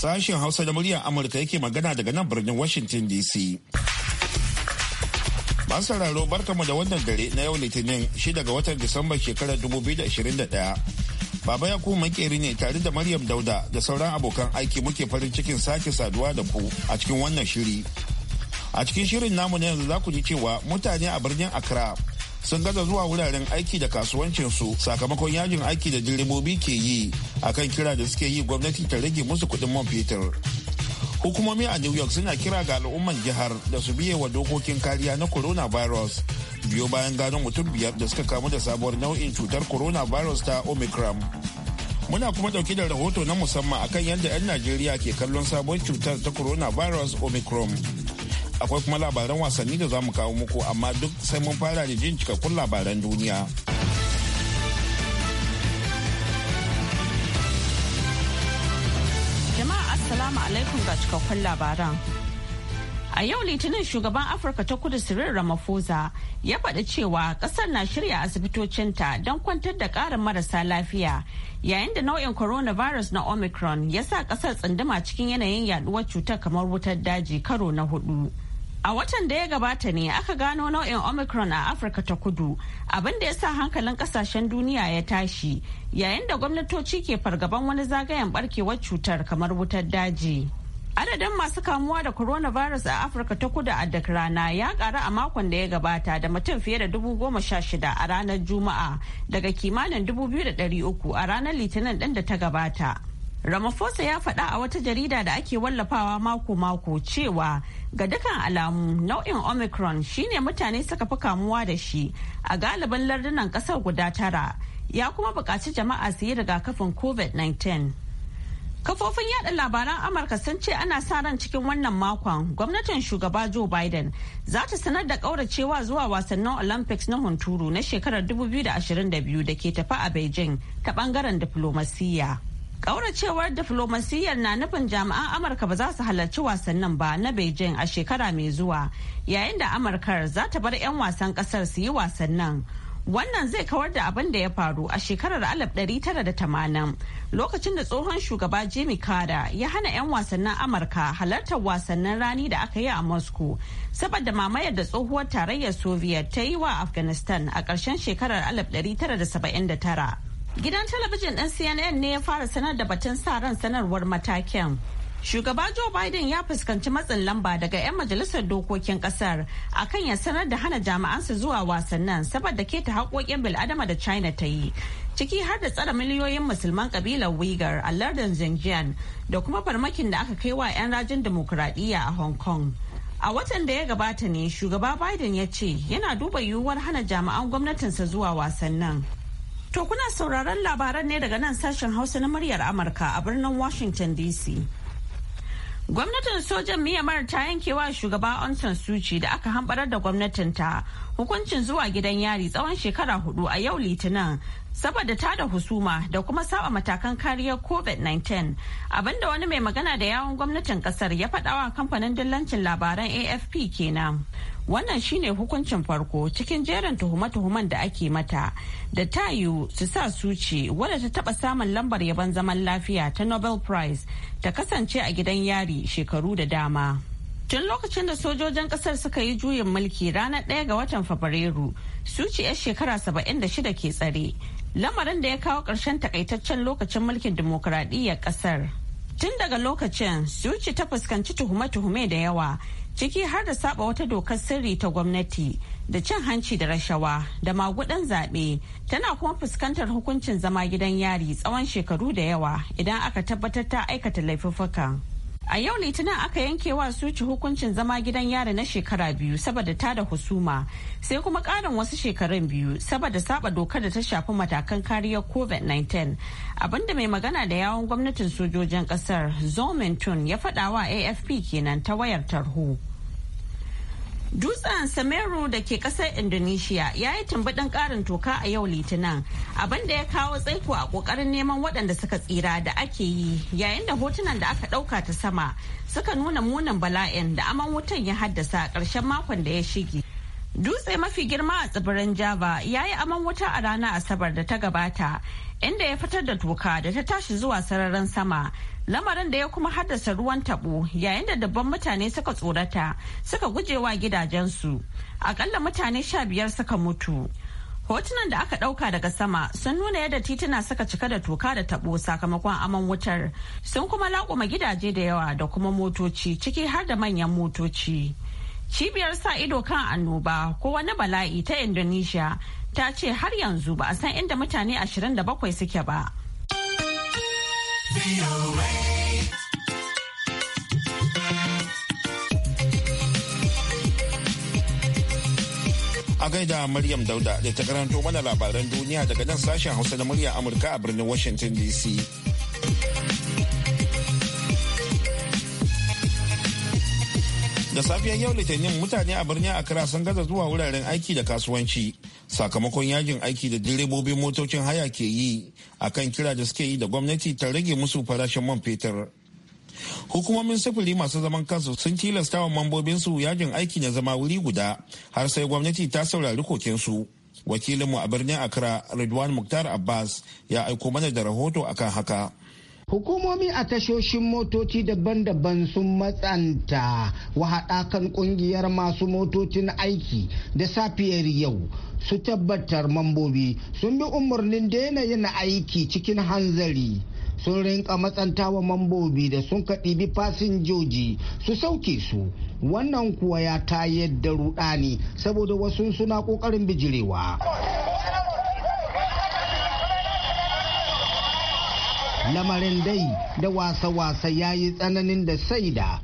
Sashen Hausa da muryar Amurka yake magana daga nan birnin Washington DC. Masu barkamu da wannan dare na yau Litinin 6 ga watan Disamba shekarar 2021. Baba ya kuma makeri ne tare da Maryam Dauda da sauran abokan aiki muke farin cikin sake saduwa da ku a cikin wannan shiri. A cikin shirin namu na yanzu za ku ji cewa mutane a birnin Accra sun gaza zuwa wuraren aiki da kasuwancinsu sakamakon yajin aiki da direbobi ke yi akan kira da suke yi gwamnati ta rage musu kuɗin man fetur. Hukumomi a New York suna kira ga al'umman jihar da su biye wa dokokin kariya na coronavirus biyo bayan gano mutum biyar da suka kamu da sabuwar nau'in cutar coronavirus ta Omicron. Muna kuma dauke da rahoto na musamman akan yadda 'yan Najeriya ke kallon sabon cutar ta coronavirus Omicron. akwai kuma labaran wasanni da za mu kawo muku amma duk sai mun fara da jin cikakkun labaran duniya. Jama'a Assalamu alaikum ga cikakkun labaran. A yau Litinin shugaban Afirka ta kudu Cyril Ramaphosa ya faɗi cewa ƙasar na shirya asibitocinta don kwantar da ƙarin marasa lafiya yayin da nau'in coronavirus na Omicron ya sa ƙasar tsunduma cikin yanayin yaduwar cutar kamar wutar daji karo na hudu. A watan da ya gabata ne aka gano nau'in Omicron a Afirka ta kudu, abin da ya sa hankalin kasashen duniya ya tashi, yayin da gwamnatoci ke fargaban wani zagayen barkewar cutar kamar wutar daji. Adadin masu kamuwa da coronavirus a Afirka ta kudu a duk rana ya karu a makon da ya gabata da mutum fiye da dubu goma sha shida a ranar Juma'a daga kimanin dubu biyu da ɗari uku a ranar Litinin ɗin da ta gabata. Ramaphosa ya faɗa a wata jarida da ake wallafawa mako-mako cewa ga dukkan alamu nau'in Omicron shine mutane suka fi kamuwa da shi a galibin lardunan ƙasar guda tara ya kuma buƙaci jama'a su yi rigakafin COVID-19. Kafofin yada labaran Amurka sun ce ana sa ran cikin wannan makon gwamnatin shugaba Joe Biden za ta sanar da ƙauracewa zuwa wasannin Olympics na hunturu na shekarar 2022 da ke tafi a Beijing ta bangaren diflomasiyya. Ƙauracewar diflomasiyyar na nufin jami'an Amurka ba za su halarci wasannin ba na Beijing a shekara mai zuwa yayin da Amurkar za ta bar 'yan wasan kasar su yi wasannin. Wannan zai kawar da abin da ya faru a shekarar 1980 lokacin da tsohon shugaba Jimmy Carter ya hana 'yan wasannin Amurka halartar wasannin rani da aka yi a Moscow saboda mamayar da tsohuwar tarayyar Soviet ta yi wa Afghanistan a ƙarshen shekarar 1979. Gidan talabijin ɗin CNN ne ya fara sanar da batun sa ran sanarwar matakin. Shugaba Joe Biden ya fuskanci matsin lamba daga 'yan majalisar dokokin kasar kan ya sanar da hana jami'ansa zuwa wasannin saboda keta haƙoƙin bil'adama da China ta yi. Ciki har da tsara miliyoyin musulman kabilar Uyghur a lardin Xinjiang da kuma farmakin da aka kai wa 'yan rajin demokuraɗiyya a Hong Kong. A watan da ya gabata ne shugaba Biden ya ce yana duba yiwuwar hana jami'an gwamnatinsa zuwa wasannin. To kuna sauraron labaran ne daga nan sashen Hausa na muryar Amurka a birnin Washington DC. Gwamnatin sojan Myanmar ta yanke wa shugaba Aung San Suu Kyi da aka hambarar da gwamnatinta hukuncin zuwa gidan yari tsawon shekara hudu a yau Litinin saboda ta da husuma da kuma saba matakan kariyar COVID-19 abinda wani mai magana da yawon gwamnatin kasar ya faɗawa kamfanin dillancin labaran AFP kenan. wannan shine hukuncin farko cikin jerin tuhume-tuhumen da ake mata da ta tayu su sa suci wadda ta taba samun lambar yaban zaman lafiya ta nobel prize ta kasance a gidan yari shekaru da dama tun lokacin da sojojin kasar suka yi juyin mulki ranar 1 ga watan fabrairu suci 'yar shekara 76 ke tsare lamarin da ya kawo karshen takaitaccen lokacin mulkin dimokuraɗiyyar kasar tun daga lokacin suci ta fuskanci tuhume-tuhume da yawa ciki har da saba wata dokar sirri ta gwamnati da cin hanci da rashawa da magudan zaɓe tana kuma fuskantar hukuncin zama gidan yari tsawon shekaru da yawa idan aka tabbatar ta aikata laifuffukan. A yau Litinin aka yanke wa suci hukuncin zama gidan yari na shekara biyu saboda ta da husuma sai kuma karin wasu shekarun biyu saboda saba dokar da ta shafi matakan kariyar COVID-19. Abinda mai magana da yawon gwamnatin sojojin Kasar, Zomintun, ya faɗa AFP kenan ta wayar tarho. Dutsen Samero da ke kasar Indonesia ya yi tumbuɗin ƙarin toka a yau Litinin, abinda ya kawo tsaiko a ƙoƙarin neman waɗanda suka tsira da ake yi yayin da hotunan da aka ɗauka ta sama suka nuna munin bala'in da aman wutan ya haddasa a ƙarshen makon da ya shige. Dutse mafi girma a tsibirin Java ya yi aman wuta a ranar Asabar da ta gabata, inda ya fitar da toka da ta tashi zuwa sararin sama. Lamarin da ya kuma haddasa ruwan tabo yayin da dabban mutane suka tsorata suka gujewa gidajensu. Akalla mutane sha biyar suka mutu. Hotunan da aka dauka daga sama sun nuna yadda tituna suka cika da toka da tabo sakamakon aman wutar sun kuma laƙuma gidaje da yawa da kuma motoci ciki har da manyan motoci. Cibiyar sa ido kan annoba ko wani bala'i ta Indonesia ta ce har yanzu ba a san inda mutane 27 suke ba. A gaida Maryam Dauda da ta karanto mana labaran duniya daga nan sashen Hausa na murya Amurka a birnin Washington DC. da safiyar yau litinin mutane a birnin accra sun gaza zuwa wuraren aiki da kasuwanci sakamakon yajin aiki da direbobin motocin haya ke yi akan kira da suke yi da gwamnati ta rage musu farashin man fetur hukumomin sufuri masu zaman kansu sun tilasta wa mambobinsu yajin aiki na zama wuri guda har sai gwamnati ta saurari kokinsu wakilinmu a birnin accra ridwan muktar abbas ya aiko mana da rahoto akan haka Hukumomi a tashoshin motoci daban-daban sun matsanta wa haɗakan ƙungiyar masu motocin aiki da safiyar yau su tabbatar mambobi sun bi umarnin daina yin aiki cikin hanzari. sun rinka matsantawa mambobi da sun kaɗi bi fasinjoji su sauke su wannan kuwa ya tayar da rudani saboda wasu suna ƙoƙarin bijirewa. lamarin dai da wasa-wasa ya yi tsananin da sai da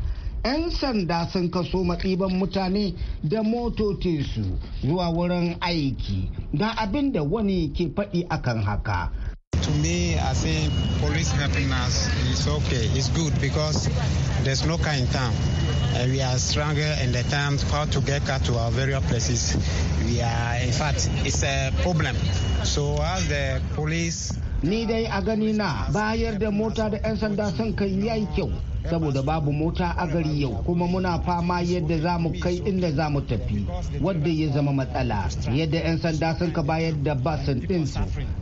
'yan sanda sun kaso matsiban mutane da su zuwa wurin aiki ga abin da wani ke faɗi akan haka to me i say police helping us is okay it's good because there's no car in town and uh, we are stronger in the town how to get car to our various places we are in fact it's a problem so as the police ni dai a gani na bayar da mota da 'yan sanda sun kai yayi kyau saboda babu mota a gari yau kuma muna fama yadda za mu kai inda za mu tafi wadda ya zama matsala yadda 'yan sanda sun ka bayar da basin ɗinsu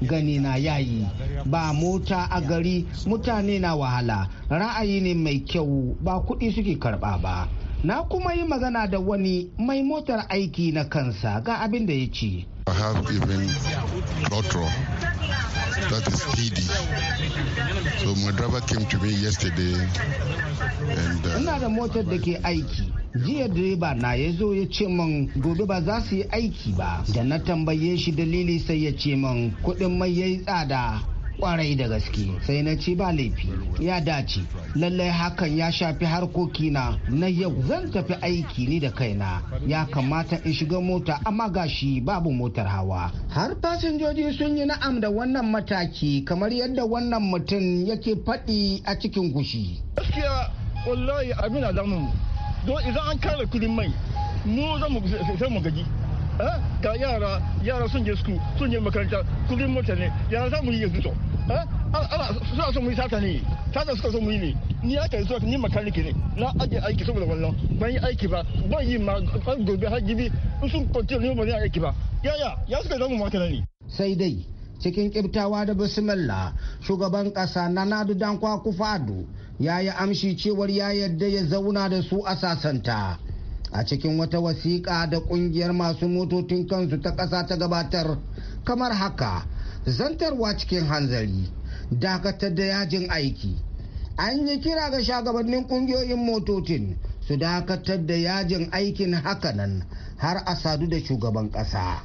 gani na yayi ba mota a gari mutane na wahala ra'ayi ne mai kyau ba kuɗi suke karɓa ba na kuma yi magana da wani mai motar aiki na kansa ga abin da ya ce I have even Lotro, that is TD. So my driver came to me yesterday and... Uh, Ina da motar da ke aiki. jiya direba na ya zo ya ce min gobe ba za su yi aiki ba da na tambaye shi dalili sai ya ce min kuɗin mai ya yi tsada kwarai da gaske sai na ci ba laifi ya dace lallai hakan ya shafi harkokina na yau zan tafi aiki ni da kaina ya kamata in shiga mota amma gashi babu motar hawa har fasinjoji sun yi na'am da wannan mataki kamar yadda wannan mutum yake faɗi a cikin gushi gaskiya wallahi abin don idan an kare kudin mai mu zan mu gaji ga yara yara sun je su sun je makaranta kudin mota ne yara za mu yi yanzu to suna son mu yi sata ne sata suka son mu yi ne ni aka yi ni makaniki ne na ajiye aiki saboda wannan ban yi aiki ba ban yi ma gobe har gibi sun kwanciyar ni ban yi aiki ba yaya ya suka zama mata ne. sai dai cikin kibtawa da bismillah shugaban kasa na nadu dankwa kufadu ya yi amshi cewar ya yadda ya zauna da su a sasanta. a cikin wata wasiƙa da ƙungiyar masu motocin kansu ta ƙasa ta gabatar kamar haka zantarwa cikin hanzari dakatar da yajin aiki an yi kira ga shagabannin ƙungiyoyin motocin su dakatar da yajin aikin hakanan har a sadu da shugaban ƙasa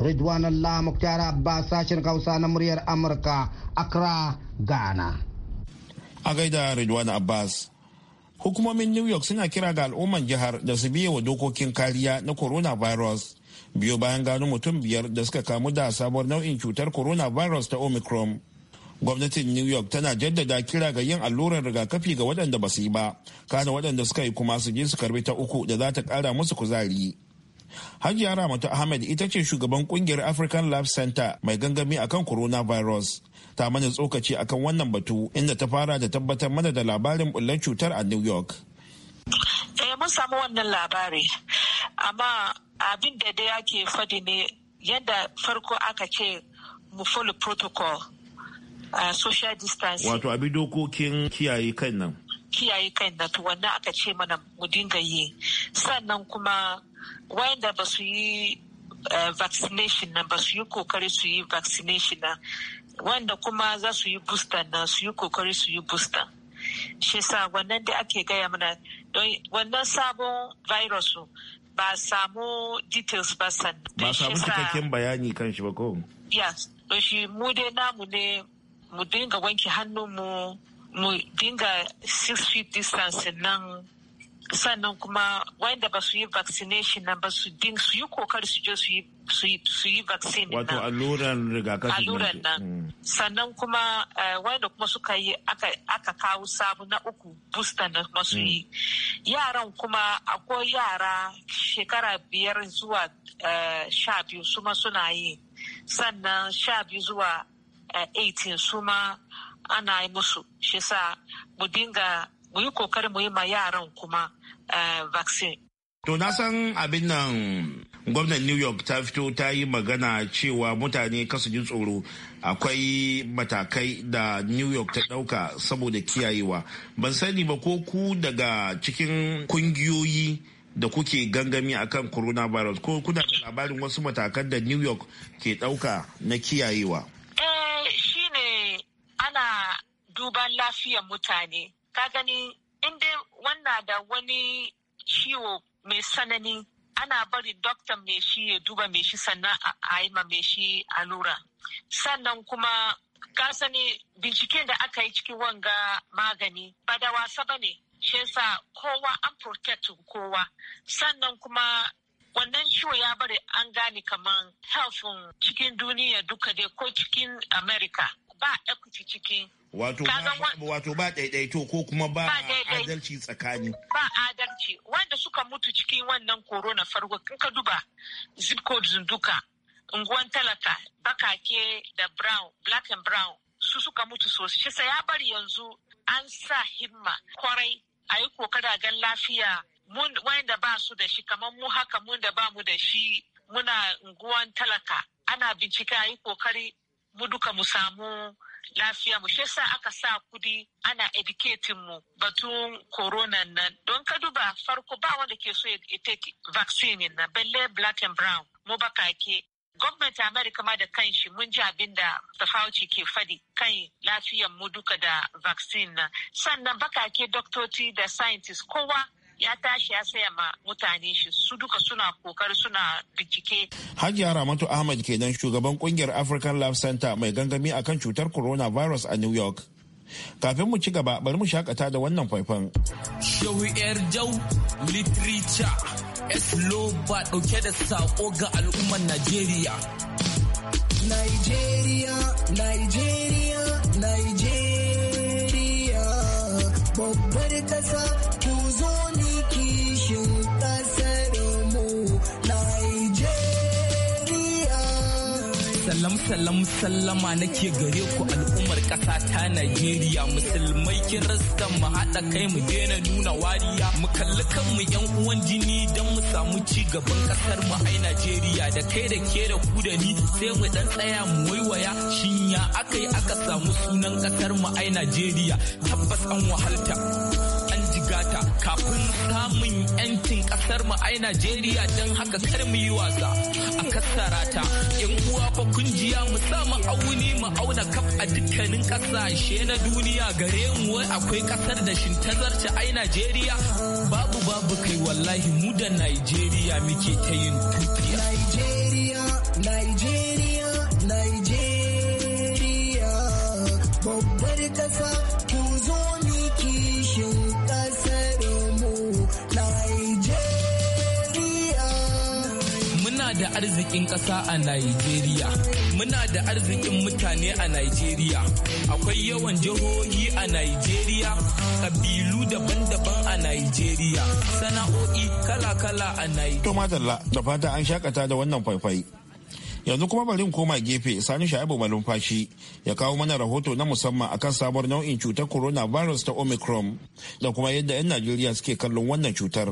ridwan allah muktar abbas sashen hausa na muryar amurka accra ghana a gaida ridwan abbas hukumomin new york suna kira ga al'umman jihar da su biye wa dokokin kariya na coronavirus biyo bayan gano mutum biyar da suka kamu da sabon nau'in cutar coronavirus ta omicron gwamnatin new york tana jaddada kira ga yin allurar rigakafi ga waɗanda ba su yi ba kana waɗanda suka yi kuma su je su karbi ta uku da za ta ƙara musu kuzari hajiya ramatu ahmed ita ce shugaban kungiyar african life center mai gangami akan coronavirus ta mana tsokaci akan wannan batu inda ta fara da tabbatar mana da labarin bullar cutar a New York. Eh, mun samu wannan labari, amma abin da dai ake fadi ne yadda farko aka ce mu follow protocol uh, social distancing. Wato abi dokokin kiyaye kan nan. Kiyaye kan nan to wannan aka ce mana mu dinga yi. Sannan kuma wayanda ba su yi eh, vaccination nan ba su yi kokari su yi vaccination nan wanda kuma za su yi booster na su yi kokari su yi booster shi sa wannan da ake gaya mana don wannan sabon virus ba samu details ba san ba samu cikakken bayani kan shi ba ko yes to shi mu dai namu ne mu dinga wanke hannun mu mu dinga six feet distance nan sannan kuma wanda ba su yi vaccination nan ba su din su yi kokari su je su yi vaccine wato alluran rigakafi alluran nan mm. sannan kuma eh, wanda kuma suka yi aka kawo sabu na uku booster na kuma mm. yi yaran kuma akwai yara shekara biyar zuwa eh, sha biyu suma suna yi sannan sha biyu zuwa 18 eh, suma ana yi musu shi sa mu dinga mu yi kokarin mu yi ma yaran kuma eh, vaccine To na san abin nan gwamnan New York ta fito ta yi magana cewa mutane kasu ji tsoro akwai matakai da New York ta ɗauka saboda kiyayewa. Ban sani ba ko ku daga cikin kungiyoyi da kuke gangami akan coronavirus ko kuna da labarin wasu matakan da New York ke ɗauka na kiyayewa. Eh, shine ana duban lafiyar mutane. ka gani in dai wannan da wani ciwo mai sanani ana bari doktan mai shi ya duba mai shi sannan a yi ma mai shi allura sannan kuma ka sani binciken da aka yi cikin wanga magani ba da wasa ba ne shi yasa kowa an protect kowa sannan kuma wannan ciwo ya bari an gane kaman health um, cikin duniya duka dai ko cikin america ba equity cikin wato ba daidaito ko kuma ba adalci tsakani ba adalci wanda suka mutu cikin wannan korona farko kin ka duba zip code duka unguwan talaka bakake da brown black and brown su suka mutu sosai shi ya bari yanzu an sa himma kwarai a yi kokara gan lafiya wanda ba su da shi kamar mu haka mun da ba mu da shi muna unguwan talaka ana bincika yi kokari mu duka mu samu lafiya mu shesa aka sa kudi ana educating mu batun corona nan don ka duba farko ba wanda ke so ya take vaccine na belle black and brown mu ke gwamnati america ma da kan shi mun ji abin da tafauci ke fadi kan lafiyan mu duka da vaccine na sannan bakake doktoci da scientists kowa ya tashi ya saya ma mutane shi su duka suna kokari suna bincike. Hajiya Ramatu Ahmad kenan shugaban kungiyar African Love Center mai gangami a kan cutar coronavirus a New York. Kafin mu ci gaba bari mu shakata da wannan faifan. Shehu Jau Literature Eslo dauke da sako ga al'ummar Najeriya. Nigeria, Nigeria, Nigeria, babbar kasa salam salam sallama nake gare ku al'ummar ƙasa ta Najeriya musulmai rasta mu haɗa kai mu daina nuna wariya mu kalli kanmu yan uwan jini don mu samu ci gaban ƙasar mu ai Najeriya da kai da ke da ku da ni sai mu dan tsaya mu waiwaya shin ya aka aka samu sunan ƙasar mu ai Najeriya tabbas an wahalta an jigata kafin samun 'yancin kasar mu ai Najeriya don haka kar mu yi wasa a kasara ta yan uwa fa kungiya mu sa mu auni mu auna kaf a dukkanin kasashe na duniya gare mu wai akwai kasar da shin tazarta ai Najeriya babu babu kai wallahi mu da Najeriya muke ta yin Najeriya Najeriya arzikin ƙasa a Najeriya. Muna da arzikin mutane a Najeriya. Akwai yawan jihohi a Najeriya, ƙabilu daban-daban a Najeriya, sana'o'i kala-kala a Najeriya. To madalla da fata an shakata da wannan faifai. Yanzu kuma bari koma gefe Sani Sha'ibu Malumfashi ya kawo mana rahoto na musamman akan sabon nau'in cutar coronavirus ta Omicron da kuma yadda 'yan Najeriya suke kallon wannan cutar.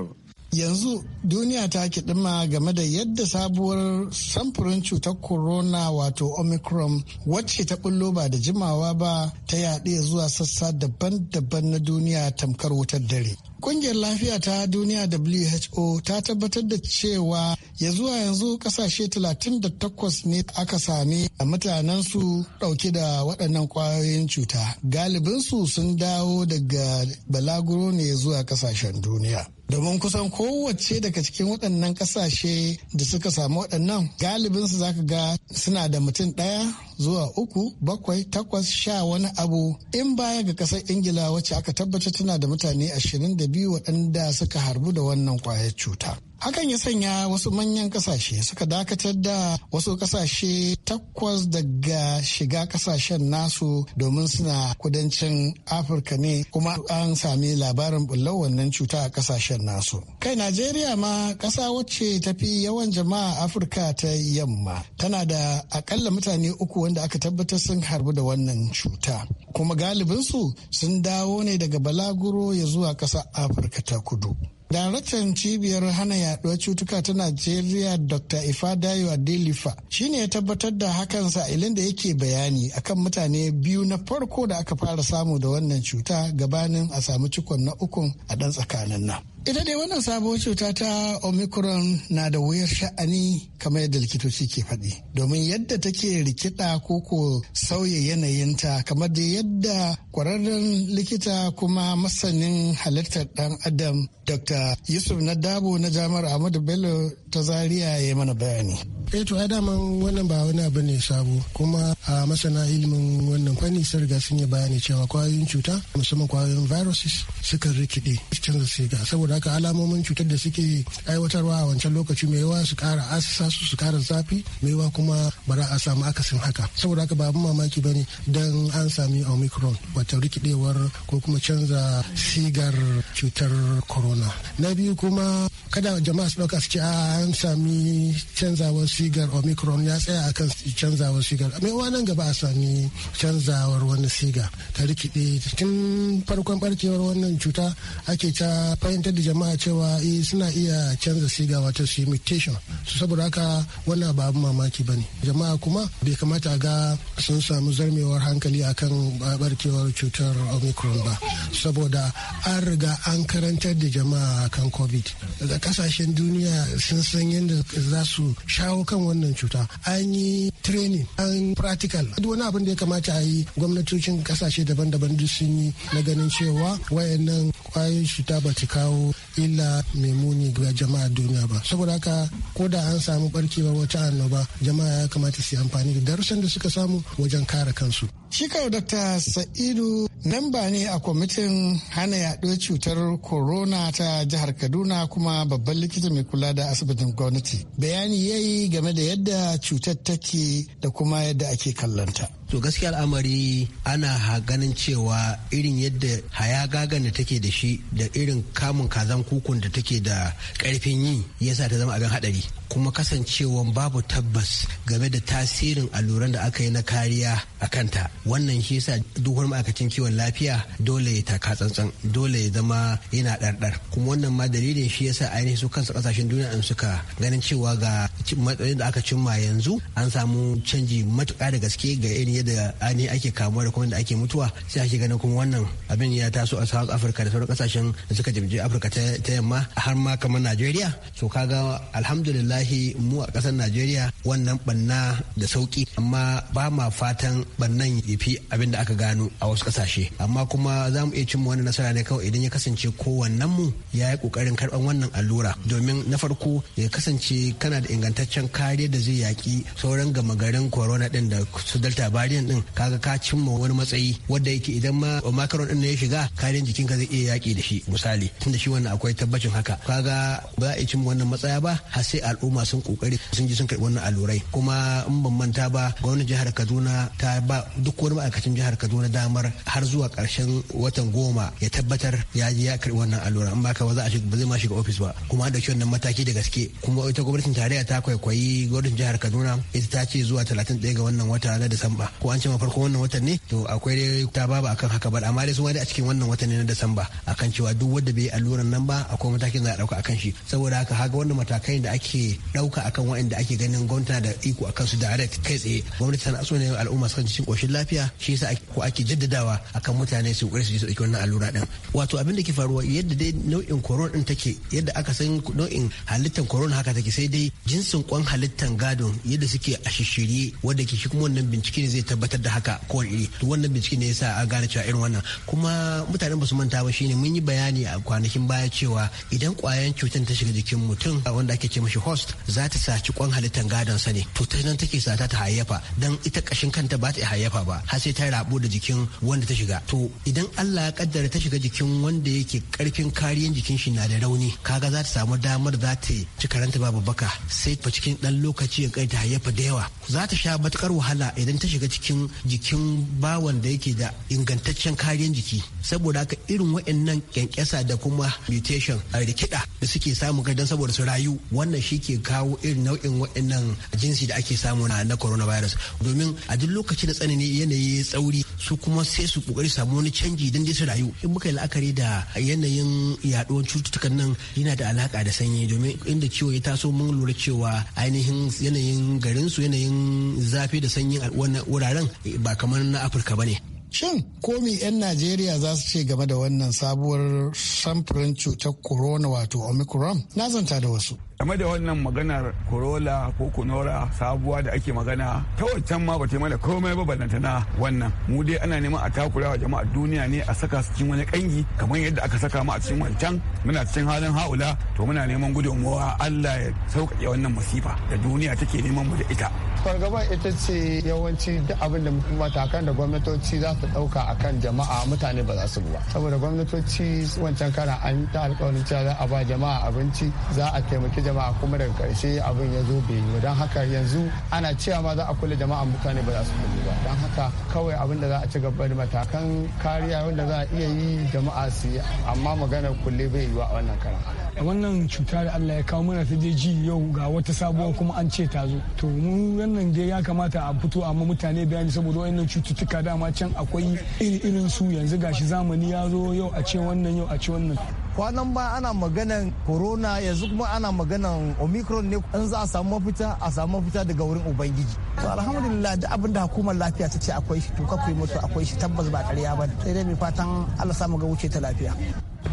yanzu duniya ta kiɗima game da yadda sabuwar samfurin cutar corona wato omicron wacce ta bullo ba da jimawa ba ta yaɗe zuwa sassa daban-daban na duniya tamkar wutar dare Ƙungiyar lafiya ta duniya WHO ta tabbatar da cewa ya zuwa yanzu kasashe 38 ne aka sami mutanensu ɗauke da waɗannan kwayoyin cuta. Galibinsu sun dawo daga balaguro ne zuwa kasashen duniya. domin kusan kowace daga cikin waɗannan ƙasashe da suka samu waɗannan galibinsu ka ga suna da mutum ɗaya zuwa uku bakwai takwas sha wani abu in baya ga kasar ingila wacce aka tabbatar tana da mutane ashirin da biyu waɗanda suka harbu da wannan kwayar cuta hakan ya sanya wasu manyan kasashe suka dakatar da wasu kasashe takwas daga shiga kasashen nasu domin suna kudancin afirka ne kuma an sami labarin bullar wannan cuta a kasashen nasu kai najeriya ma kasa wacce tafi yawan jama'a afirka ta yamma tana da akalla mutane uku wanda aka tabbatar sun harbu da wannan cuta kuma galibinsu sun dawo ne daga balaguro ya zuwa ƙasar afirka ta kudu Daraktan cibiyar hana yaduwar cutuka ta Najeriya Dr. Ifadayo Adelifa shi ya tabbatar da hakan ilin da yake bayani akan mutane biyu na farko da aka fara samu da wannan cuta gabanin a samu cikon na ukun a ɗan tsakanin nan. ita dai wannan sabuwar cuta ta omicron na da wuyar sha'ani kamar yadda likitoci ke faɗi domin yadda take rikida ko ko sauya yanayinta kamar da yadda kwararren likita kuma masanin halittar ɗan adam dr yusuf nadabo na jami'ar ahmadu bello ta Zariya ya mana bayani eh to ai daman wannan ba wani abu ne sabo kuma a masana ilimin wannan fanni sun riga sun yi bayani cewa kwayoyin cuta musamman kwayoyin viruses suka rikide canza siga saboda haka alamomin cutar da suke aiwatarwa a wancan lokaci mai yawa su kara asasa su su kara zafi mai yawa kuma ba za a samu akasin haka saboda haka babu mamaki bane dan an sami omicron wata rikidewar ko kuma canza sigar cutar corona na biyu kuma kada jama'a su dauka su ce a an sami canzawar sigar omicron ya tsaya a kan canzawar sigar maiwa nan gaba a sami canzawar wani siga ta rikide tun farkon barkewar wannan cuta ake ta fahimtar da jama'a cewa eh, suna iya canza siga wata su mutation su saboda haka wannan ba abin mamaki ba ne jama'a kuma bai kamata a ga sun samu zarmewar hankali akan barkewar cutar omicron ba saboda an riga an karantar da jama'a kan covid daga kasashen duniya sun san yadda za su shawo kan wannan cuta an yi training an practical duk wani abin da ya kamata a yi gwamnatocin kasashe daban-daban duk sun yi na ganin cewa wayannan kwayoyin cuta ba ta kawo illa mai muni ga jama'a duniya ba saboda haka ko da an samu barkewa wata annoba jama'a ya kamata su yi amfani da darussan da suka samu wajen kare kansu shi kawai dr sa'idu nan ba ne a kwamitin hana yaɗuwar cutar corona ta jihar kaduna kuma babban likita mai kula da asibitin ofishin gwamnati bayani ya yi game da yadda cutar take da kuma yadda ake kallonta. to gaskiya al'amari ana ganin cewa irin yadda haya gagan da take da shi da irin kamun kazan kukun da take da karfin yi yasa ta zama abin hadari kuma kasancewan babu tabbas game da tasirin alluran da aka yi na kariya a kanta wannan shi yasa duk wani ma'aikacin kiwon lafiya dole ya taka tsantsan dole ya zama yana ɗarɗar kuma wannan ma dalilin shi yasa ainihin su kansu kasashen duniya an suka ganin cewa ga matsayin da aka cimma yanzu an samu canji matuƙa da gaske ga irin ganin yadda ani ake kamuwa da kuma da ake mutuwa sai ake ganin kuma wannan abin ya taso a South Africa da sauran kasashen da suka jimje Afirka ta yamma har ma kamar Najeriya so kaga alhamdulillahi mu a kasar Najeriya wannan banna da sauki amma ba ma fatan bannan ya fi abin da aka gano a wasu kasashe amma kuma za mu iya cimma wani nasara ne kawai idan ya kasance kowannen mu ya yi kokarin karban wannan allura domin na farko ya kasance kana da ingantaccen kariya da zai yaki sauran gama garin corona din da su delta kwariyan din kaga ka cimma wani matsayi wanda yake idan ma makaron din ya shiga kariyan ka zai iya yaki da shi misali tunda shi wannan akwai tabbacin haka kaga ba za a cimma wannan matsaya ba har sai al'umma sun kokari sun ji sun karbi wannan allurai kuma in ban manta ba gwamnatin jihar Kaduna ta ba duk wani ma'aikacin jihar Kaduna damar har zuwa karshen watan goma ya tabbatar ya je ya karbi wannan allura in ba ka ba za a shiga ba zai ma shiga ofis ba kuma da wannan mataki da gaske kuma ita gwamnatin tarayya ta kwaikwayi gwamnatin jihar Kaduna ita ta ce zuwa 31 ga wannan wata na Disamba ko an ce ma farkon wannan watan ne to akwai dai ta babu akan haka ba amma dai sun wani a cikin wannan watan ne na Disamba akan cewa duk wanda bai alluran nan ba akwai matakin za a dauka akan shi saboda haka haga wannan matakai da ake dauka akan waɗanda ake ganin gwamnati da iko akan su direct kai tsaye gwamnati tana so ne al'umma su kan cikin koshin lafiya shi yasa ko ake jaddadawa akan mutane su kokari su ji su dauki wannan allura din wato abin da ke faruwa yadda dai nau'in corona din take yadda aka san nau'in halittar corona haka take sai dai jinsin kwan halittar gadon yadda suke a shishiri wanda ke shi kuma wannan bincike ne zai tabbatar da haka ko iri to wannan bincike ne yasa a gane cewa irin wannan kuma mutanen ba su manta ba shine mun yi bayani a kwanakin baya cewa idan kwayan cutar ta shiga jikin mutum wanda ake ce mashi host za ta saci kwan halittar gadon sa ne to ta nan take sa ta hayyafa dan ita kashin kanta ba ta hayyafa ba har sai ta rabu da jikin wanda ta shiga to idan Allah ya kaddara ta shiga jikin wanda yake karfin kariyan jikin shi na da rauni kaga za ta samu damar za ta ci karanta babu baka sai fa cikin dan lokaci ya kai ta hayyafa da yawa za ta sha matukar wahala idan ta shiga cikin jikin bawan da yake da ingantaccen kariyar jiki saboda haka irin wa'annan kyankyasa da kuma mutation a rikida da suke samu gardan saboda su rayu wannan shi ke kawo irin nau'in wa'annan jinsi da ake samu na coronavirus domin a duk lokacin da tsanani yanayi tsauri su kuma sai su kokari samu wani canji don dai su rayu in muka yi la'akari da yanayin yaduwar cututtukan nan yana da alaka da sanyi domin inda ciwo ya taso mun lura cewa ainihin yanayin garin su yanayin zafi da sanyin wannan wuraren ba kamar na afirka ba ne Shin komi 'yan Najeriya za su ce game da wannan sabuwar samfurin cutar corona wato Omicron? Na zanta da wasu. Game da wannan maganar Corolla ko Kunora sabuwa da ake magana ta wancan ma ba mana komai ba na wannan. Mu dai ana neman a takura wa jama'a duniya ne a saka su cikin wani kangi kamar yadda aka saka mu a cikin wancan muna cikin halin haula to muna neman gudunmawa Allah ya sauƙaƙe wannan masifa da duniya take neman mu da ita. fargaba ita ce yawanci duk abin da matakan da gwamnatoci za su ɗauka a kan jama'a mutane ba za su ba saboda gwamnatoci wancan karan an ta alkawarin cewa za a ba jama'a abinci za a taimaki jama'a kuma daga karshe abin ya zo bai yi don haka yanzu ana cewa ma za a kula jama'a mutane ba za su kula ba don haka kawai abin da za a ci gaba da matakan kariya wanda za a iya yi jama'a su yi amma maganar kulle bai yiwa a wannan karan wannan cuta da Allah ya kawo mana ta je ji yau ga wata sabuwa kuma an ce ta zo to mu wannan dai ya kamata a fito amma mutane bayani saboda wannan cututtuka dama can akwai iri irin su yanzu gashi zamani ya zo yau a ce wannan yau a ce wannan kwanan ba ana maganan corona yanzu kuma ana maganan omicron ne in za a samu mafita a samu mafita daga wurin ubangiji to alhamdulillah da abin da hukumar lafiya ta ce akwai shi to kafin mutu akwai shi tabbas ba ƙarya ba sai dai mai fatan Allah samu ga wuce ta lafiya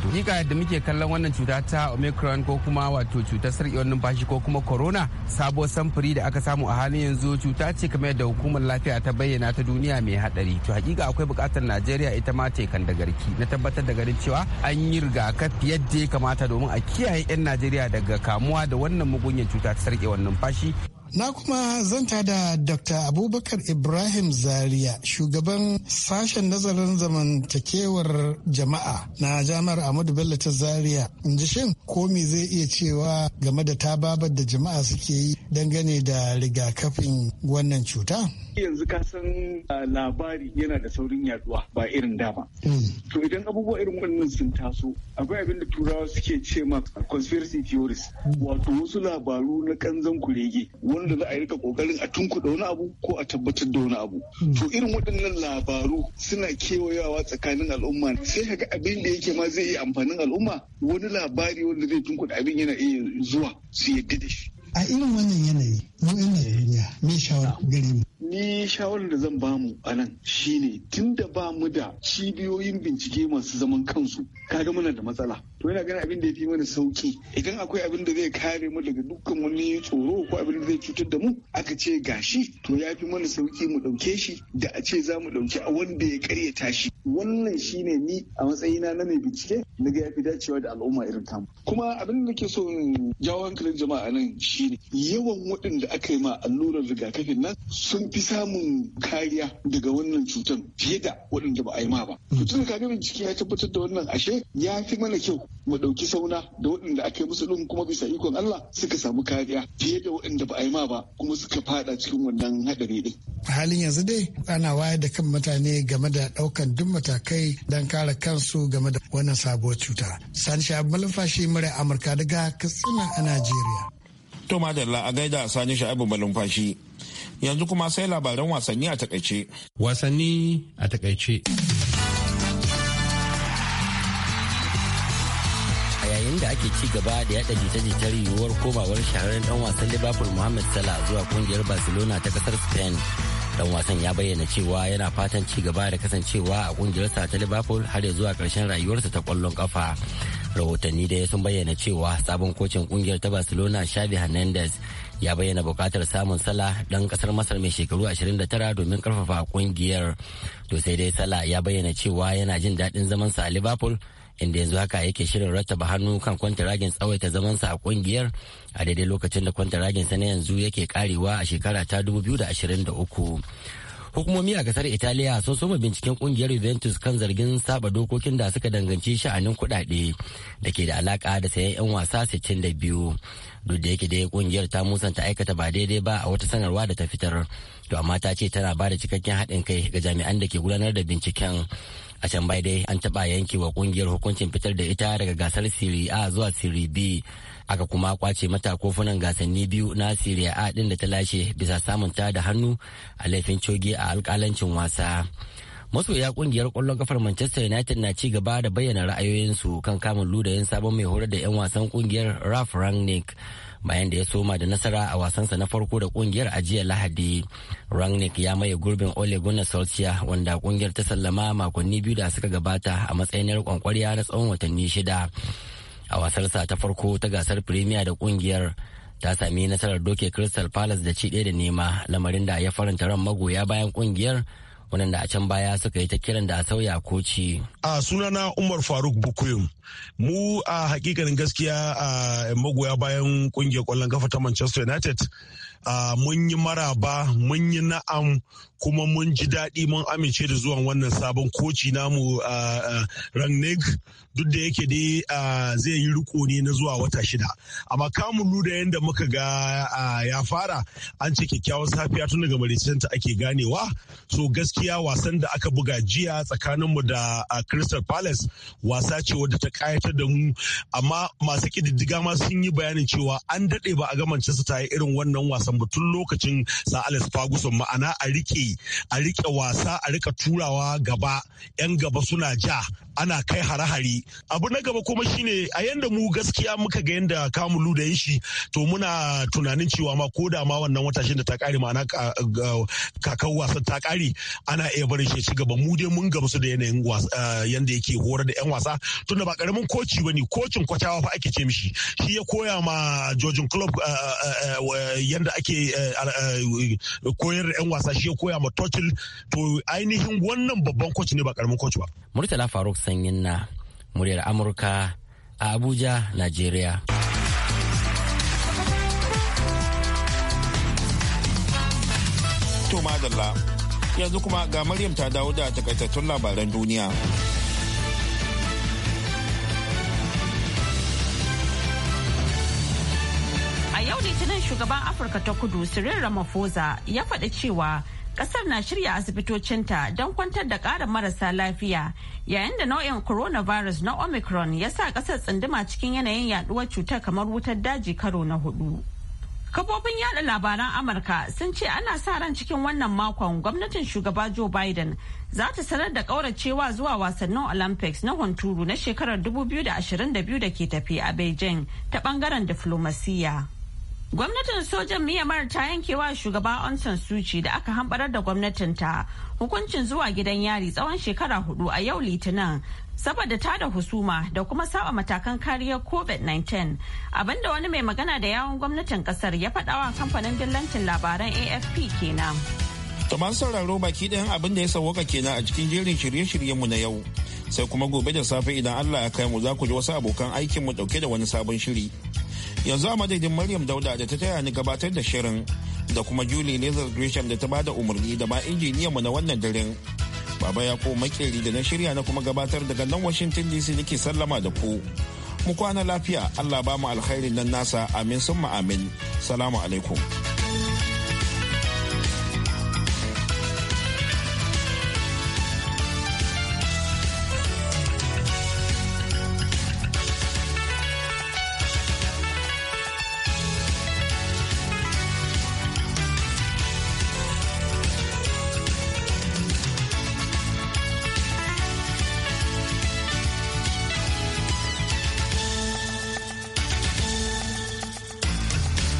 hakika da muke kallon wannan cuta ta omicron ko kuma wato cutar sarkewar numfashi ko kuma corona sabuwar samfuri da aka samu a halin yanzu cuta ce kamar yadda hukumar lafiya ta bayyana ta duniya mai hadari to hakika akwai bukatar najeriya ita ma ta kan da garki na tabbatar da garin cewa an yi rigakafi yadda ya kamata domin a kiyaye 'yan najeriya daga kamuwa da wannan mugunyar cuta ta sarkewar numfashi Na kuma zanta da Dr. Abubakar Ibrahim Zaria, shugaban sashen nazarin zamantakewar jama'a na jami'ar Ahmadu Bello ta Zaria. In ji shin ko me zai iya cewa game da tababar da jama'a suke yi dangane da rigakafin wannan cuta? yanzu ka san ah, labari yana da saurin yaduwa ba irin dama hmm. to idan abubuwa irin wannan sun taso akwai abin da turawa suke ce ma conspiracy theories hmm. wato wasu labaru na kanzan kurege wanda za a rika kokarin a tunkuɗa wani abu ko a tabbatar da wani abu hmm. to irin waɗannan labaru suna kewayawa tsakanin al'umma sai ka ga abin da yake ma zai yi amfanin al'umma wani labari wanda zai tunkuɗa abin yana iya zuwa su yadda da shi a irin wannan yanayi mu yan Najeriya me shawara gare mu ni shawarar da zan bamu a nan shine tunda ba mu da cibiyoyin bincike masu zaman kansu kaga muna da matsala to yana ganin abin da ya fi mana sauki idan akwai abin da zai kare mu daga dukkan wani tsoro ko abin da zai cutar da mu aka ce gashi to ya fi mana sauki mu ɗauke shi da a ce za mu ɗauki a wanda ya karyata shi wannan shine ni a matsayina na mai bincike na ga ya fi dacewa da al'umma irin tamu kuma abin da ke so in jawo hankalin jama'a nan shine yawan waɗanda aka yi ma allurar rigakafin nan sun fi samun kariya daga wannan cutar fiye da waɗanda ba a yi ma ba. Cutar kariya bincike ya tabbatar da wannan ashe ya fi mana kyau mu ɗauki sauna da waɗanda aka yi musu ɗin kuma bisa ikon Allah suka samu kariya fiye da waɗanda ba a yi ma ba kuma suka fada cikin wannan haɗari ɗin. Halin yanzu dai ana wayar da kan mutane game da ɗaukan duk matakai don kare kansu game da wannan sabuwar cuta. Sani Shahab Malumfashi murai Amurka daga Katsina a Najeriya. To madalla a gaida Sani Shahab Malumfashi. yanzu kuma sai labaran wasanni a takaice wasanni a takaice yayin da ake ci gaba da yada jita-jitar yiwuwar komawar shahararren dan wasan liverpool mohamed salah zuwa kungiyar barcelona ta kasar spain dan wasan ya bayyana cewa yana fatan ci gaba da kasancewa a kungiyarsa ta liverpool har ya zuwa karshen rayuwarsa ta kwallon kafa rahotanni da sun bayyana cewa sabon kocin kungiyar ta barcelona xavi hernandez ya bayyana bukatar samun sala dan kasar masar mai shekaru 29 domin karfafa kungiyar to sai dai sala ya bayyana cewa yana jin daɗin zamansa a liverpool inda yanzu haka yake shirin rattaba hannu kan kwantaragin tsawaita zamansa a kungiyar a daidai lokacin da kwantaragin sa na yanzu yake karewa a shekara ta 2023 hukumomi a kasar italiya sun soma binciken kungiyar juventus kan zargin saba dokokin da suka danganci sha'anin kudade da ke da alaka da sayan 'yan wasa 62 duk da yake dai kungiyar ta musanta aikata ba daidai ba a wata sanarwa da ta fitar to amma ta ce tana ba da cikakken haɗin kai ga jami'an da ke gudanar da binciken a can bai dai an taɓa wa kungiyar hukuncin fitar da ita daga gasar siri a zuwa siri b aka kuma kwace mata kofunan gasanni biyu na siriya A din da ta lashe bisa samun ta da hannu a laifin coge a alkalancin wasa. masoya kungiyar kwallon kafar manchester united na ci gaba da bayyana ra'ayoyinsu kan kamun ludayin sabon mai horar da 'yan wasan kungiyar raf rangnick bayan da ya soma da nasara a wasansa na farko da kungiyar a jiya lahadi rangnick ya maye gurbin ole gunnar solskjaer wanda kungiyar ta sallama makonni biyu da suka gabata a matsayin kwankwariya na tsawon watanni shida a wasarsa ta farko ta gasar premier da kungiyar ta sami nasarar doke crystal palace da ci ɗaya da nema lamarin da ya faranta ran magoya bayan kungiyar da a can baya suka yi ta kiran da a sauya koci. a sunana umar faruk bukuyum mu a hakikanin gaskiya a magoya bayan kungiyar kwallon kafa ta manchester united mun yi maraba mun yi na'am kuma mun ji daɗi mun amince da zuwan wannan sabon koci namu ranneg duk da yake dai zai yi riko ne na zuwa wata shida amma kamun lura yadda muka ga ya fara an ce kyakkyawan safiya tun daga ta ake ganewa so gaskiya wasan da aka buga jiya tsakaninmu da crystal palace wasa ce wadda ta kayatar da mu amma masu kididdiga ma sun yi bayanin cewa an daɗe ba a ga manchester ta yi irin wannan wasan ba tun lokacin sa alex ferguson ma'ana a rike a rike wasa a rika turawa gaba yan gaba suna ja ana kai hare-hare abu na gaba kuma shine a yanda mu gaskiya muka ga yanda kamulu da ya shi to muna tunanin cewa ma ko da ma wannan watashin da ta kare ma'ana kakan wasan ta kare ana iya barin shi ci gaba mu dai mun gamsu da yanayin yanda yake horar da yan wasa tunda ba karamin koci bane kocin kwacawa fa ake ce mishi shi ya koya ma jojin club yanda ake koyar da yan wasa shi ya koya ma Tochil. to ainihin wannan babban koci ne ba karamin koci ba Murtala Faruk Sanyin na muryar Amurka a Abuja, Najeriya. To yanzu kuma ga Maryam ta dawo da takaitattun labaran duniya. A yau litinin shugaban afirka ta kudu sirin ramaphosa ya faɗi cewa Kasar na shirya asibitocinta don kwantar da ƙarin marasa lafiya yayin da nau'in coronavirus na Omicron ya sa ƙasar tsunduma cikin yanayin yaduwar cutar kamar wutar daji karo na hudu. Kafofin yada labaran Amurka sun ce ana sa ran cikin wannan makon gwamnatin shugaba Joe Biden za ta sanar da kauracewa zuwa wasannin Olympics na hunturu na shekarar 2022 da ke tafi a Beijing ta bangaren diflomasiyya. Gwamnatin sojan Myanmar ta yankewa shugaba Aung San Suu da aka hambarar da gwamnatin ta hukuncin zuwa gidan yari tsawon shekara hudu a yau Litinin saboda ta da husuma da kuma saba matakan kariyar COVID-19 abinda wani mai magana da yawon gwamnatin kasar ya faɗawa kamfanin dillancin labaran AFP kenan. ta masu sauraro baki ɗayan abin da ya sauwaka kenan a cikin jerin shirye mu na yau. Sai kuma gobe da safe idan Allah ya kai mu za ku ji wasu abokan aikinmu ɗauke da wani sabon shiri. yanzu a madadin maryam dauda da ta taya ni gabatar da shirin da kuma julie nezar gresham da ta ba da umarni da ma injiniyanmu na wannan daren baba ya ko makeri da na shirya na kuma gabatar daga nan washington dc nake sallama da ku mu kwana lafiya allah ba mu alkhairin nan nasa amin summa amin salamu alaikum